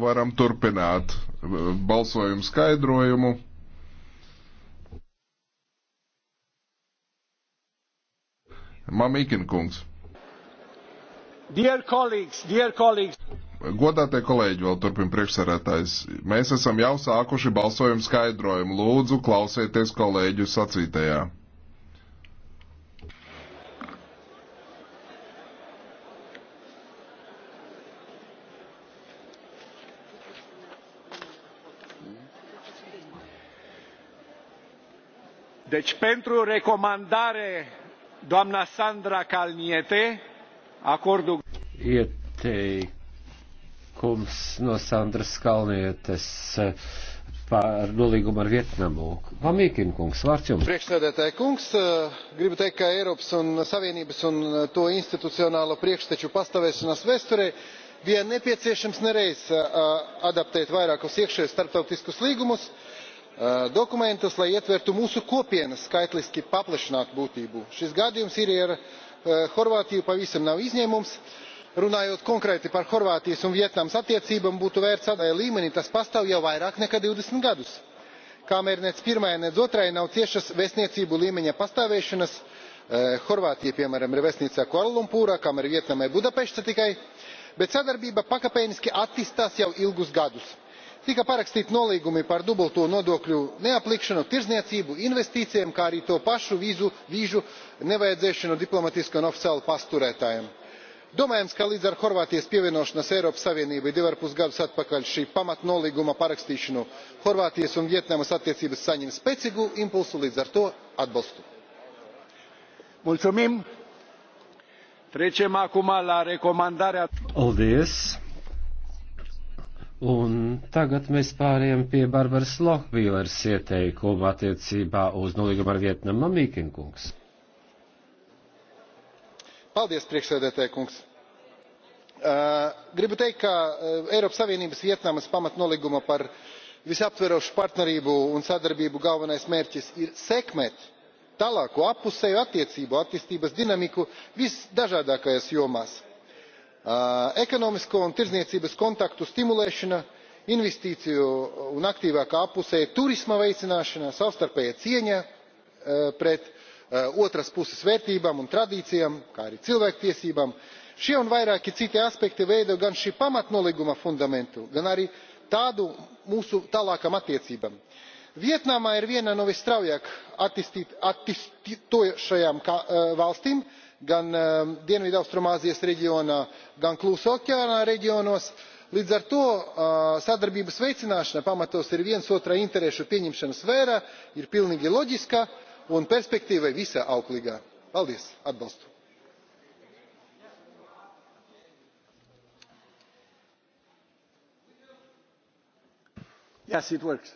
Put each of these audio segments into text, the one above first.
varam turpināt uh, balsojumu skaidrojumu. Mamīkin kungs. Dear colleagues, dear colleagues. Godātie kolēģi, vēl turpina priekšsarētājs. Mēs esam jau sākuši balsojumu skaidrojumu. Lūdzu, klausieties kolēģu sacītajā. Deci pentru recomandare, doamna Sandra Calniete, acordul... Ieteikums no Sandras Kalnietes eh, par nolīgumu ar Vietnamu. Pamīkina kungs, vārds jums. Priekšsēdētāja kungs, eh, gribu teikt, ka Eiropas un Savienības un eh, to institucionālo priekšteču pastāvēšanas vēsturē bija nepieciešams nereiz adaptēt vairākus iekšējos starptautiskus līgumus Eh, dokumentus lai ietvertu mūsu kopienas skaitliski paplašinātu būtību. šis gadījums ir ar eh, horvātiju pavisam nav izņēmums. runājot konkrēti par horvātijas un vietnamas attiecībām būtu vērts atgādināt ka savā līmenī tas pastāv jau vairāk nekā divdesmit gadus kamēr nec pirmajai nec otrajai nav ciešas vēstniecību līmeņa pastāvēšanas eh, horvātijai piemēram ir vēstniecība kvalalunpūrā kamēr vietnamai budapeštā tikai bet sadarbība pakāpeniski attīstās jau ilgus gadus tika parakstīti nolīgumi par dubulto nodokļu neaplikšanu tirdzniecību investīcijām kā arī to pašu vīzu nevajadzēšanu diplomatiski un oficiāli pasturētājiem. domājams ka līdz ar horvātijas pievienošanos eiropas savienībai divarpus gadus atpakaļ šī pamatnolīguma parakstīšanu horvātijas un vjetnamas attiecības saņem spēcīgu impulsu līdz ar to atbalstu. Mulțumim. Trecem acum la recomandarea. Paldies. Un tagad mēs pāriem pie Barbaras Lohbīlers ieteikuma attiecībā uz nolīgumu ar Vietnamu Mamīkinkungs. Paldies, priekšsēdētāji kungs. Gribu teikt, ka Eiropas Savienības Vietnamas pamatnolīguma par visaptverošu partnerību un sadarbību galvenais mērķis ir sekmēt tālāku apusēju attiecību attīstības dinamiku visdažādākajās jomās Uh, ekonomisko un tirdzniecības kontaktu stimulēšana investīciju un aktīvāka apusēja turisma veicināšana savstarpēja cieņa uh, pret uh, otras puses vērtībām un tradīcijām kā arī cilvēktiesībām šie un vairāki citi aspekti veido gan šī pamatnolīguma fundamentu gan arī tādu mūsu tālākām attiecībām. vietnama ir viena no visstraujāk attīstītošajām valstīm gan ehm, dienvidaustrumāzijas reģionā gan klusā okeāna reģionos. līdz ar to sadarbības veicināšana pamatos ir viens otra interešu pieņemšanas sfēra ir pilnīgi loģiska un perspektīva visai auglīga. paldies! atbalstu! yes it works.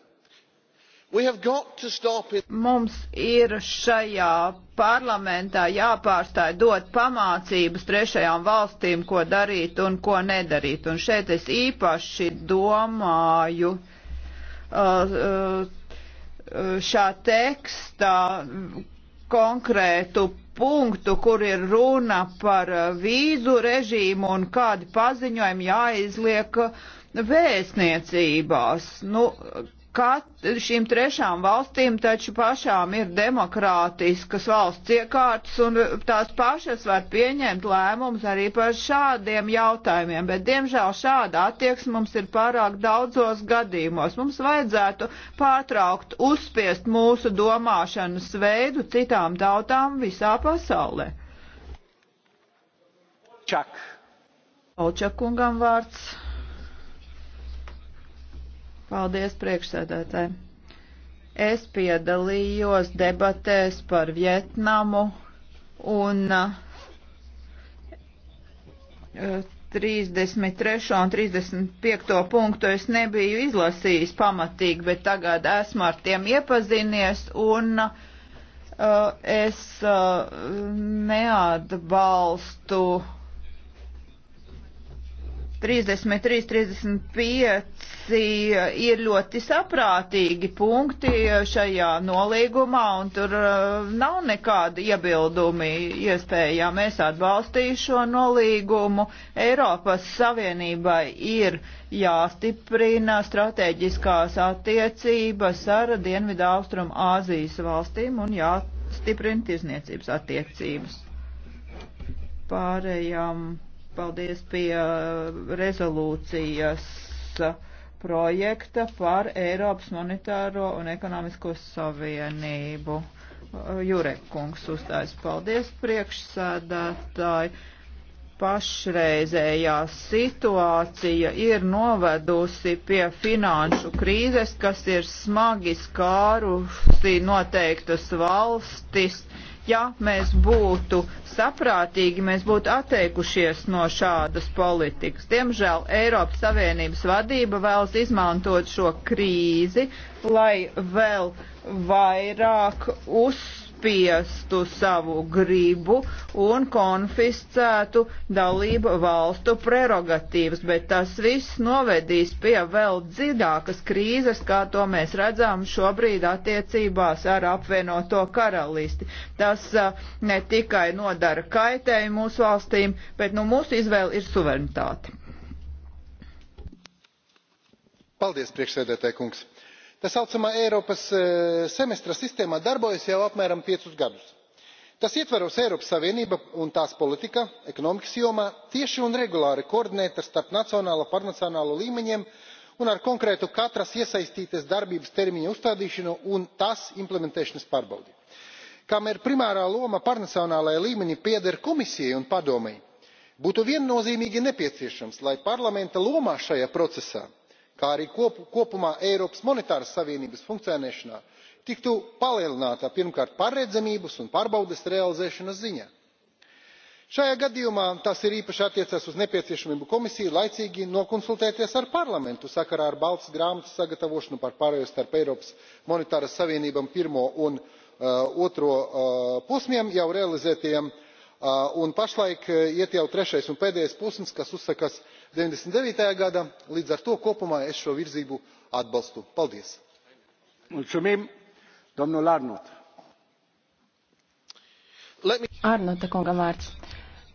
Mums ir šajā parlamentā jāpārstāj dot pamācības trešajām valstīm, ko darīt un ko nedarīt. Un šeit es īpaši domāju uh, uh, šā tekstā konkrētu punktu, kur ir runa par uh, vīzu režīmu un kādi paziņojumi jāizliek vēstniecībās. Nu, Kat, šīm trešām valstīm taču pašām ir demokrātiskas valsts iekārtas un tās pašas var pieņemt lēmumus arī par šādiem jautājumiem, bet diemžēl šāda attieksme mums ir pārāk daudzos gadījumos. Mums vajadzētu pārtraukt uzspiest mūsu domāšanas veidu citām tautām visā pasaulē. Čak. Olčakungam vārds. Paldies priekšsēdētāji. Es piedalījos debatēs par Vietnamu un uh, eh, 33. un 35. punktu es nebiju izlasījis pamatīgi, bet tagad esmu ar tiem iepazinies un uh, es uh, neatbalstu uh, 33, 35 eh, ir ļoti saprātīgi punkti eh, šajā nolīgumā, un tur eh, nav nekāda iebildumi iespējām. Es atbalstīju šo nolīgumu. Eiropas Savienībai ir jāstiprina strateģiskās attiecības ar Dienvidu Austrum Āzijas valstīm un jāstiprina tirzniecības attiecības. Pārējām paldies pie uh, rezolūcijas uh, projekta par Eiropas monetāro un ekonomisko savienību. Uh, Jurekungs uzstājas paldies priekšsēdētāji. Pašreizējā situācija ir novedusi pie finanšu krīzes, kas ir smagi skārusi noteiktas valstis. Uh, Ja mēs būtu saprātīgi, mēs būtu atteikušies no šādas politikas. Diemžēl Eiropas Savienības vadība vēlas izmantot šo krīzi, lai vēl vairāk uzsākt spiestu savu gribu un konfiscētu dalību valstu prerogatīvas, bet tas viss novedīs pie vēl dziļākas krīzes, kā to mēs redzam šobrīd attiecībās ar apvienoto karalisti. Tas ne tikai nodara kaitēju mūsu valstīm, bet nu, mūsu izvēle ir suverenitāte. Paldies, priekšsēdētāji kungs! tā saucamā eiropas e, semestra sistēma darbojas jau apmēram piecus gadus. tās ietvaros eiropas savienība un tās politika ekonomikas jomā tieši un regulāri koordinēta starp nacionālo pārnacionālo līmeņiem un ar konkrētu katras iesaistītās darbības termiņa uzstādīšanu un tās implementēšanas pārbaudi. kamēr primārā loma pārnacionālajā līmenī pieder komisijai un padomei būtu viennozīmīgi nepieciešams lai parlamenta loma šajā procesā kā arī kopumā eiropas monetārās savienības funkcionēšanā tiktu palielināta pirmkārt paredzamības un pārbaudes realizēšanas ziņā. šajā gadījumā tas ir īpaši attiecas uz nepieciešamību komisijai laicīgi nokonsultēties ar parlamentu sakarā ar baltās grāmatas sagatavošanu par pārēju starp eiropas monetārās savienībām pirmo un uh, otro uh, posmiem jau realizētajiem uh, un pašlaik iet jau trešais un pēdējais posms kas uzsākas ninety nine gada līdz ar to kopumā es šo virzību atbalstu. paldies! Arnota kungam vārds.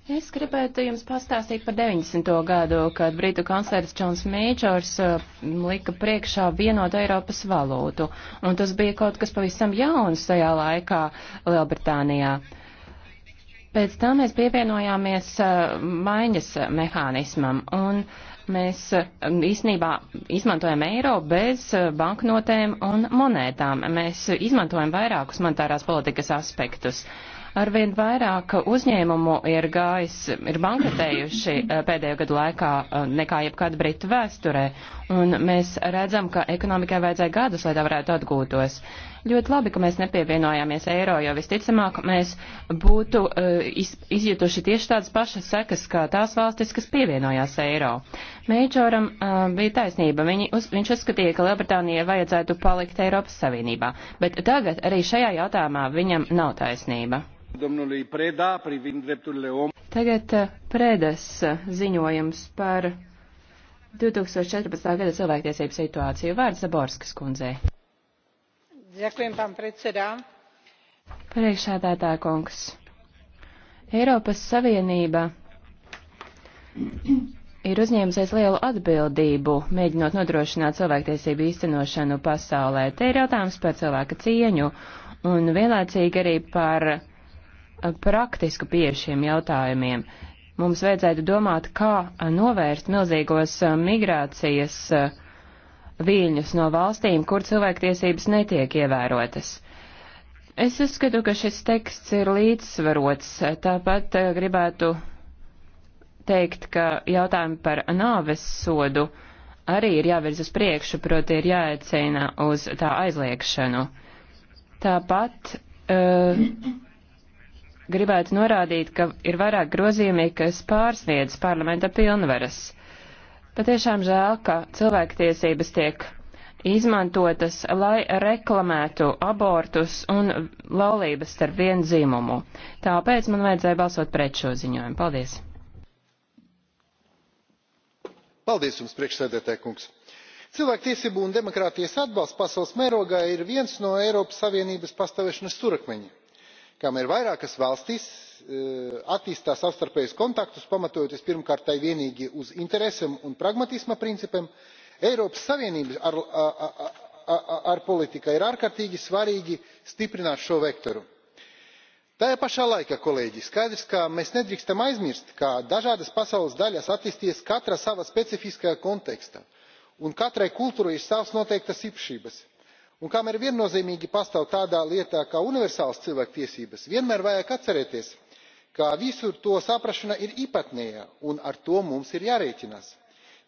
Es gribētu jums pastāstīt par 90. gadu, kad Britu kanclers Džons Mēģors eh, lika priekšā vienotu Eiropas valūtu, un tas bija kaut kas pavisam jauns tajā laikā Lielbritānijā. Uh, Pēc tam mēs pievienojāmies eh, maiņas mehānismam un mēs eh, īstenībā izmantojam eiro bez eh, banknotēm un monētām. Mēs izmantojam vairākus monetārās politikas aspektus. Uh, Arvien vairāk uzņēmumu ir gājis, ir bankrotējuši eh, pēdējo gadu laikā eh, nekā jebkad Britu vēsturē, un mēs redzam, ka ekonomikai vajadzēja gadus, lai tā varētu atgūtos. Ļoti labi, ka mēs nepievienojāmies eiro, jo visticamāk mēs būtu eh, iz, izjutuši tieši tādas pašas sekas, kā tās valstis, kas pievienojās eiro. Meidžoram uh, bija taisnība. Viņi uz, viņš uzskatīja, ka Lielbritānijai vajadzētu palikt Eiropas Savienībā, bet tagad arī šajā jautājumā viņam nav taisnība. Domnului Preda, privind drepturile om. Tagad eh, Prēdas eh, ziņojums par 2014. gada cilvēktiesību situāciju. Vārds Zaborskas kundzei. Ďakujem, pán predsedā. Priekšādātā kungs. Eiropas Savienība ir uzņēmusies lielu atbildību, mēģinot nodrošināt cilvēktiesību īstenošanu pasaulē. Te ir jautājums par cilvēka cieņu un vienlaicīgi arī par praktisku pieeju šiem jautājumiem. Mums vajadzētu domāt, kā novērst milzīgos eh, migrācijas eh, viļņus no valstīm, kur cilvēktiesības netiek ievērotas. Es uzskatu, ka šis teksts ir līdzsvarots. Tāpat eh, gribētu teikt, ka jautājumi par nāves sodu arī ir jāvirz uz priekšu, proti ir jāecina uz tā aizliekšanu. Tāpat uh, gribētu norādīt, ka ir vairāk grozījumi, kas pārsniedz parlamenta pilnvaras. Patiešām žēl, ka cilvēktiesības tiek izmantotas, lai reklamētu abortus un laulības starp vienu dzīmumu. Tāpēc man vajadzēja balsot pret šo ziņojumu. Paldies! Paldies jums, priekšsēdētāj kungs! Cilvēktiesību un demokrātijas atbalsts pasaules mērogā ir viens no Eiropas Savienības pastāvēšanas surakmeņiem kam ir vairākas valstis eh, attīstās savstarpējus kontaktus pamatojoties pirmkārt tai vienīgi uz interesēm un pragmatisma principiem eiropas savienības ārpolitikai ir ārkārtīgi svarīgi stiprināt šo vektoru. tajā pašā laikā kolēģi skaidrs ka mēs nedrīkstam aizmirst ka dažādas pasaules daļas attīstījās katra savā specifiskajā kontekstā un katrai kultūrai ir savas noteiktas īpašības un kamēr viennozīmīgi pastāv tāda lieta kā universālas cilvēktiesības vienmēr vajag atcerēties ka visu to saprašana ir īpatnēja un ar to mums ir jārēķinās.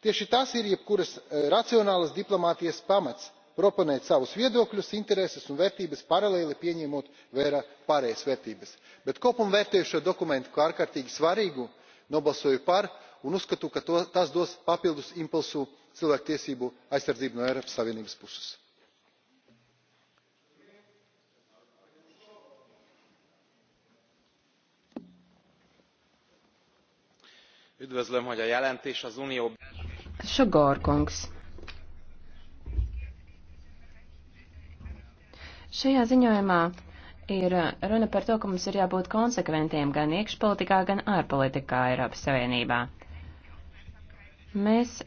tieši tas ir jebkuras eh, racionālas diplomātijas pamats proponēt savus viedokļus intereses un vērtības paralēli pieņemot vērā pārējās vērtības. bet kopumā vērtēju šo dokumentu kā ārkārtīgi svarīgu nobalsoju par un uzskatu ka tas dos papildus impulsu cilvēktiesību aizsardzībai no eiropas savienības puses. üdvözlöm hogy a jelentés az unió. sogor kungs šajā ziņojumā ir runa par to, ka mums ir jābūt konsekventiem gan iekšpolitikā, gan ārpolitikā Eiropas Savienībā. Mēs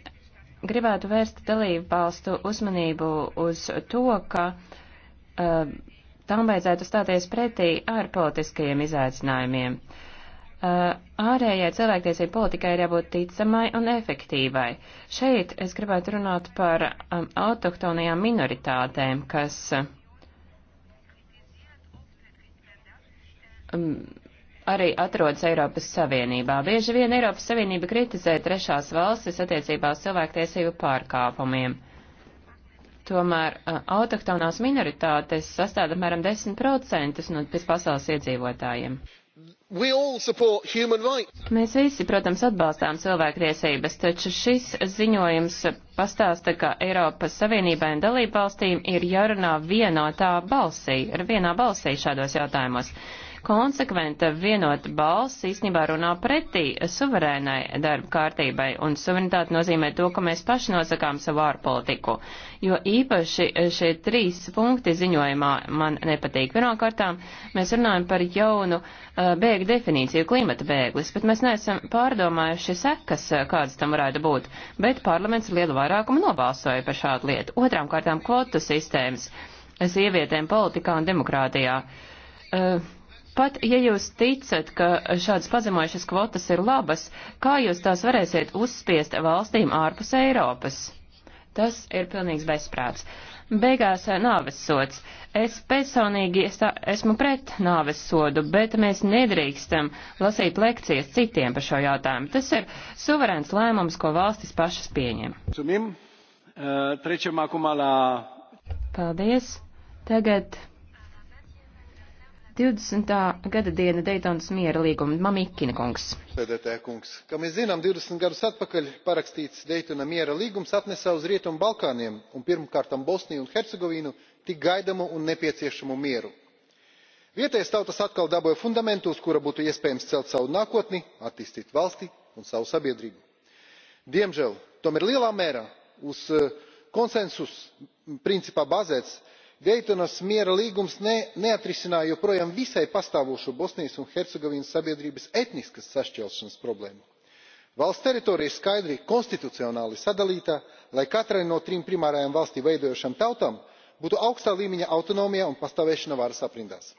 gribētu vērst dalību valstu uzmanību uz to, ka uh, tam vajadzētu stāties pretī ārpolitiskajiem izaicinājumiem. Uh, Eh, ārējai cilvēktiesību politikai ir jābūt ticamai un efektīvai. Šeit es gribētu runāt par um, autoktonajām minoritātēm, kas um, arī atrodas Eiropas Savienībā. Bieži vien Eiropas Savienība kritizē trešās valstis attiecībā uz cilvēktiesību pārkāpumiem. Tomēr uh, autoktonās minoritātes sastāda apmēram 10% no vispasaules iedzīvotājiem. Mēs visi, protams, atbalstām cilvēktiesības, taču šis ziņojums pastāsta, ka Eiropas Savienībai un dalībvalstīm ir jārunā vienotā balsī, ar vienā balsī šādos jautājumos. Konsekventa vienota balss īstenībā runā pretī suverēnai darba kārtībai, un suverenitāte nozīmē to, ka mēs paši nosakām savu ārpolitiku. Jo īpaši šie trīs punkti ziņojumā man nepatīk. Pirmkārtām, mēs runājam par jaunu uh, bēgļu definīciju, klimata bēglis, bet mēs neesam pārdomājuši sekas, uh, kādas tam varētu būt. Bet parlaments lielu vairākumu nobalsoja par šādu lietu. Otrām kārtām kvotu sistēmas sievietēm politikā un demokrātijā. Uh, Pat ja jūs ticat, ka šādas pazemojušas kvotas ir labas, kā jūs tās varēsiet uzspiest valstīm ārpus Eiropas? Tas ir pilnīgs bezprāts. Beigās eh, nāves sots. Es personīgi es tā, esmu pret nāves sodu, bet mēs nedrīkstam lasīt lekcijas citiem par šo jautājumu. Tas ir suverēns lēmums, ko valstis pašas pieņem. Sumim, uh, eh, la... Paldies. Tagad 20. gada diena Daytonas miera līguma. Mamikina kungs. Sēdētāja kungs, kā mēs zinām, 20 gadus atpakaļ parakstīts Daytona miera līgums atnesa uz Rietumu Balkāniem un pirmkārtam Bosniju un Hercegovīnu tik gaidamu un nepieciešamu mieru. Vietējais tautas atkal dabūja fundamentu, uz kura būtu iespējams celt savu nākotni, attīstīt valsti un savu sabiedrību. Diemžēl, tomēr lielā mērā uz eh, konsensus principā bāzēts deitonas miera līgums ne, neatrisinās joprojām visai pastāvošo bosnijas un hercegovinas sabiedrības etniskas sašķelšanas problēmu. valsts teritorija ir skaidri konstitucionāli sadalīta lai katrai no trim primārajām valsti veidojošām tautām būtu augsta līmeņa autonomija un pastāvēšana varas aprindās.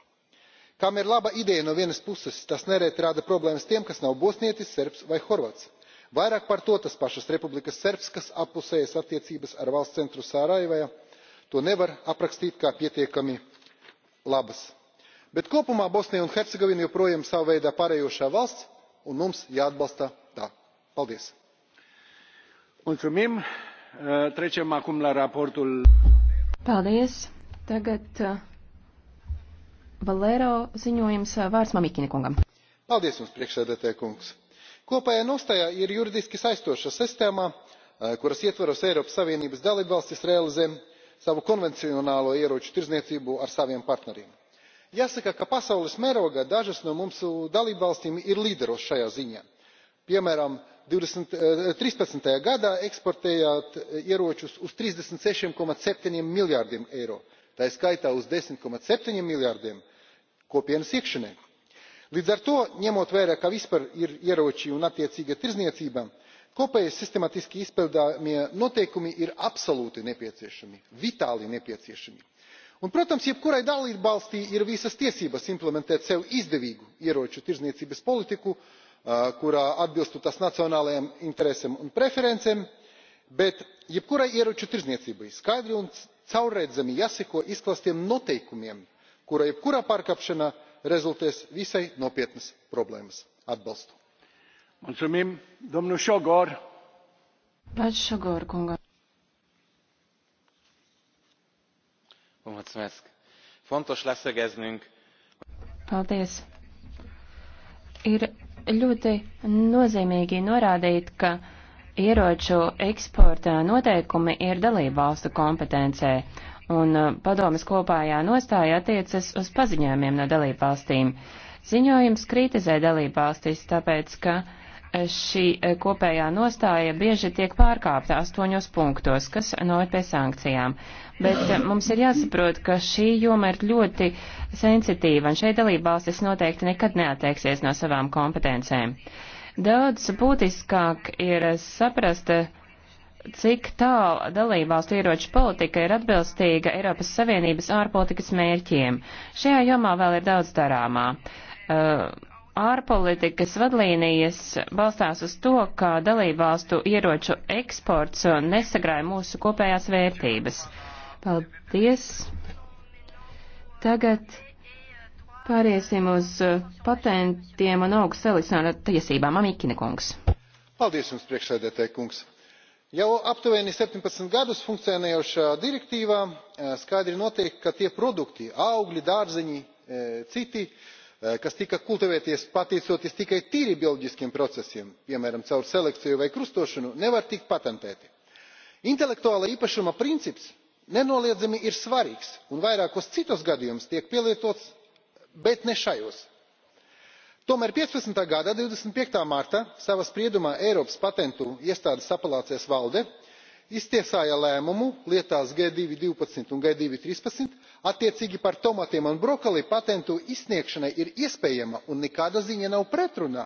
kam ir laba ideja no vienas puses tas nereti rada problēmas tiem kas nav bosnietis serbs vai horvāts. vairāk par to tas pašas republikas srpskas apusējas attiecības ar valsts centru sarajevā to nevar aprakstīt kā pietiekami labas. bet kopumā bosnija un hercegovina joprojām ir sava veida pārējošā valsts un mums jāatbalsta tā. paldies! paldies! tagad uh, valero ziņojums uh, vārds mamikina kungam. paldies jums priekšsēdētāja kungs! kopējā nostāja ir juridiski saistoša sistēma uh, kuras ietvaros eiropas savienības dalībvalstis realizē savu konvencionālo ieroču tirdzniecību ar saviem partneriem. jāsaka ka pasaules mērogā dažas no mūsu dalībvalstīm ir līderes šajā ziņā piemēram eh, trīspadsmit. gadā eksportējāt ieročus uz trīsdesmit sešiem septiņiem miljardiem eiro tā skaitā uz desmit septiņiem miljardiem kopienas iekšienē. līdz ar to ņemot vērā ka vispār ir ieroči un attiecīga tirdzniecība kopējie sistemātiski izpildāmie noteikumi ir absolūti nepieciešami vitāli nepieciešami. un protams jebkurai dalībvalstij ir visas tiesības implementēt sev izdevīgu ieroču tirdzniecības politiku kurā atbilstu tās nacionālajām interesēm un preferencēm bet jebkurai ieroču tirdzniecībai skaidri un caurredzami jāseko izklāstiem noteikumiem kuru jebkura pārkāpšana rezultēs visai nopietnas problēmas. atbalstu. Mulțumim, domnul Șogor. Vă Șogor, Congo. Mulțumesc. Fontos leszögeznünk. Paldies. Ir ļoti nozīmīgi norādīt, ka ieroču eksporta noteikumi ir dalību valstu kompetencē, un uh, padomas kopējā nostāja attiecas uz paziņojumiem no dalību valstīm. Ziņojums kritizē dalību valstis, tāpēc, ka šī e, kopējā nostāja bieži tiek pārkāpta astoņos punktos, kas noved pie sankcijām. Bet e, mums ir jāsaprot, ka šī joma ir ļoti sensitīva, un šeit dalībvalstis noteikti nekad neatteiksies no savām kompetencēm. Daudz būtiskāk ir saprast, cik tālu dalībvalstu ieroču politika ir atbilstīga Eiropas Savienības ārpolitikas mērķiem. Šajā jomā vēl ir daudz darāmā. Uh, ārpolitikas vadlīnijas balstās uz to, ka dalībvalstu ieroču eksports uh, nesagrāja mūsu kopējās vērtības. Paldies! Tagad pāriesim uz uh, patentiem un augsts elektrona tiesībām. Amīkine kungs. Paldies jums, priekšsēdētāji kungs. Jau aptuveni 17 gadus funkcionējošā direktīvā uh, skaidri notiek, ka tie produkti, augļi, dārzeņi, citi, kas tika kultivēties pateicoties tikai tīri bioloģiskiem procesiem piemēram caur selekciju vai krustošanu nevar tikt patentēti. intelektuālā īpašuma princips nenoliedzami ir svarīgs un vairākos citus gadījumus tiek pielietots bet ne šajos. tomēr 15. gada 25. martā savā spriedumā eiropas patentu iestādes apelācijas valde iztiesāja lēmumu lietās g divi divpadsmit un g divi trīspadsmit attiecīgi par tomātiem un brokoli patentu izsniegšana ir iespējama un nekādā ziņā nav pretrunā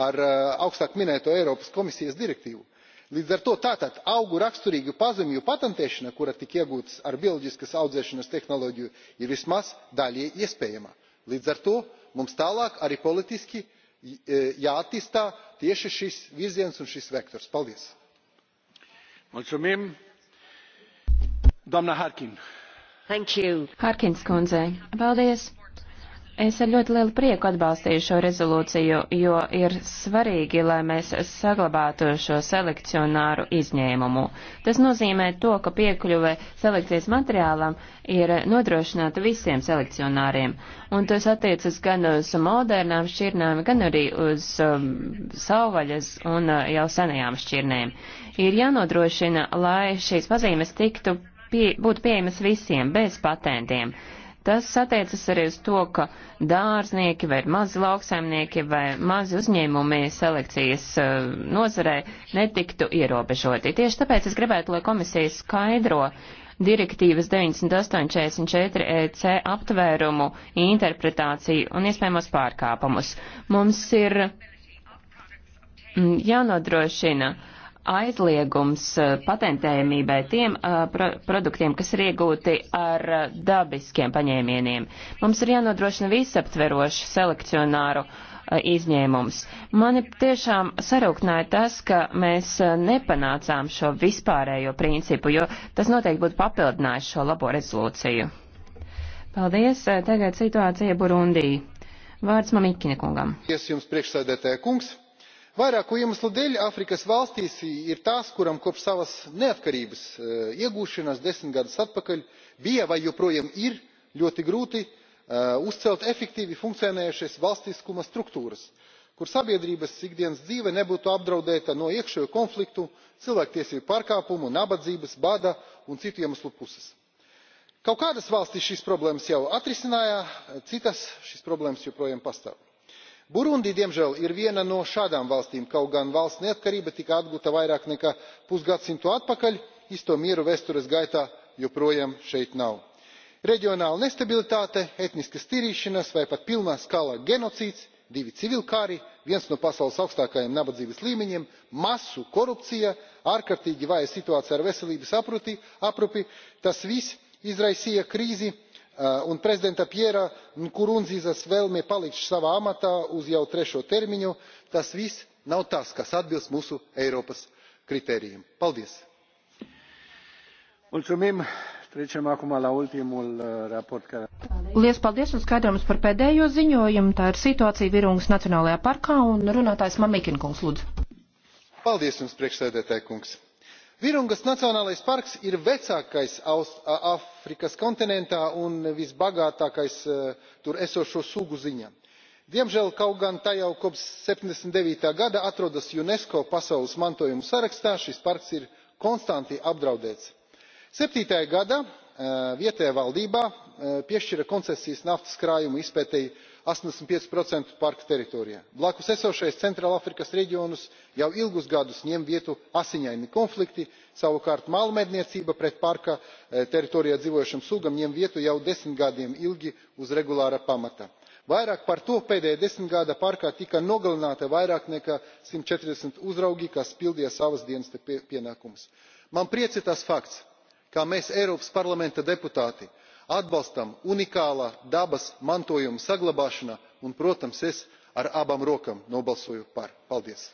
ar eh, augstāk minēto eiropas komisijas direktīvu. līdz ar to tātad augu raksturīgu pazīmju patentēšana kura tika iegūta ar bioloģiskas audzēšanas tehnoloģiju ir vismaz daļēji iespējama. līdz ar to mums tālāk arī politiski eh, jāattīstās tieši šis virziens un šis vektors. paldies! Harkins kundzei, paldies! Es ar ļoti lielu prieku atbalstīju šo rezolūciju, jo ir svarīgi, lai mēs saglabātu šo selekcionāru izņēmumu. Tas nozīmē to, ka piekļuve selekcijas materiālam ir nodrošināta visiem selekcionāriem, un tas attiecas gan uz modernām šķirnēm, gan arī uz um, sauvaļas un uh, jau senajām šķirnēm. Ir jānodrošina, lai šīs pazīmes tiktu pie, būtu pieejamas visiem, bez patentiem. Tas attiecas arī uz to, ka dārznieki vai mazi lauksaimnieki vai mazi uzņēmumi selekcijas uh, nozarē netiktu ierobežoti. Tieši tāpēc es gribētu, lai komisija skaidro direktīvas 9844 EC aptvērumu, interpretāciju un iespējamos pārkāpumus. Mums ir mm, jānodrošina uh, aizliegums eh, patentējumībai tiem eh, pro produktiem, kas ir iegūti ar eh, dabiskiem paņēmieniem. Mums ir jānodrošina visaptverošs selekcionāru izņēmums. Mani tiešām sarūknāja tas, ka mēs nepanācām šo vispārējo principu, jo tas noteikti būtu papildinājis šo labo rezolūciju. Paldies. Tagad situācija Burundī. Vārds Mamikina kungam. Paldies jums priekšsēdētāja kungs vairāku iemeslu dēļ āfrikas valstis ir tās kurām kopš savas neatkarības eh, iegūšanas desmit gadus atpakaļ bija vai joprojām ir ļoti grūti eh, uzcelt efektīvi funkcionējošas valstiskuma struktūras kur sabiedrības ikdienas dzīve nebūtu apdraudēta no iekšējo konfliktu cilvēktiesību pārkāpumu nabadzības bada un citu iemeslu puses. kaut kādas valstis šīs problēmas jau atrisināja citas šīs problēmas joprojām pastāv burundi diemžēl ir viena no šādām valstīm kaut gan valsts neatkarība tika atgūta vairāk nekā pusgadsimtu atpakaļ īsto mieru vēstures gaitā joprojām šeit nav. reģionāla nestabilitāte etniskas tīrīšanas vai pat pilnā skala genocīds divi civilkari viens no pasaules augstākajiem nabadzības līmeņiem masu korupcija ārkārtīgi vāja situācija ar veselības aprūpi tas viss izraisīja krīzi Eh, un prezidenta pjera nkurundzizas vēlme palikt savā amatā uz jau trešo termiņu tas viss nav tas kas atbilst mūsu eiropas kritērijiem. paldies! Eh, Lielas paldies un skaidrojums par pēdējo ziņojumu. Tā ir situācija Virungas Nacionālajā parkā un runātājs Mamikinkungs lūdzu. Paldies jums, priekšsēdētāji kungs! virungas nacionālais parks ir vecākais āfrikas kontinentā un visbagātākais e, tur esošo sugu ziņā. diemžēl kaut gan tā jau kopš septiņdesmit devītā gada atrodas unesco pasaules mantojuma sarakstā šis parks ir konstanti apdraudēts. septītajā gadā e, vietējā valdība e, piešķīra koncesijas naftas krājumu izpētei eighty five parka teritorijā. blakus esošais centrālafrikas reģions jau ilgus gadus ņem vietu asiņaini konflikti savukārt mālasemniecība pret parka eh, teritorijā dzīvojošām sugām ņem vietu jau desmit gadiem ilgi uz regulāra pamata. vairāk par to pēdējā desmitgadē parkā tika nogalināti vairāk nekā simt četrdesmit uzraugi kas pildīja savas dienesta pienākumus. man priecē tas fakts ka mēs eiropas parlamenta deputāti atbalstam unikālā dabas mantojuma saglabāšanu un protams es ar abām rokām nobalsoju par. paldies!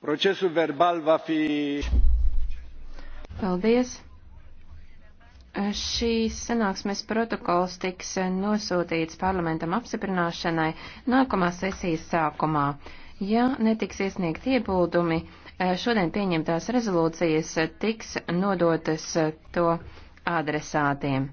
procesul verbal va fi. Paldies! Šīs sanāksmes protokols tiks nosūtīts parlamentam apstiprināšanai nākamā sesijas sākumā. Ja netiks iesniegt iebildumi, šodien pieņemtās rezolūcijas tiks nodotas to adresātiem.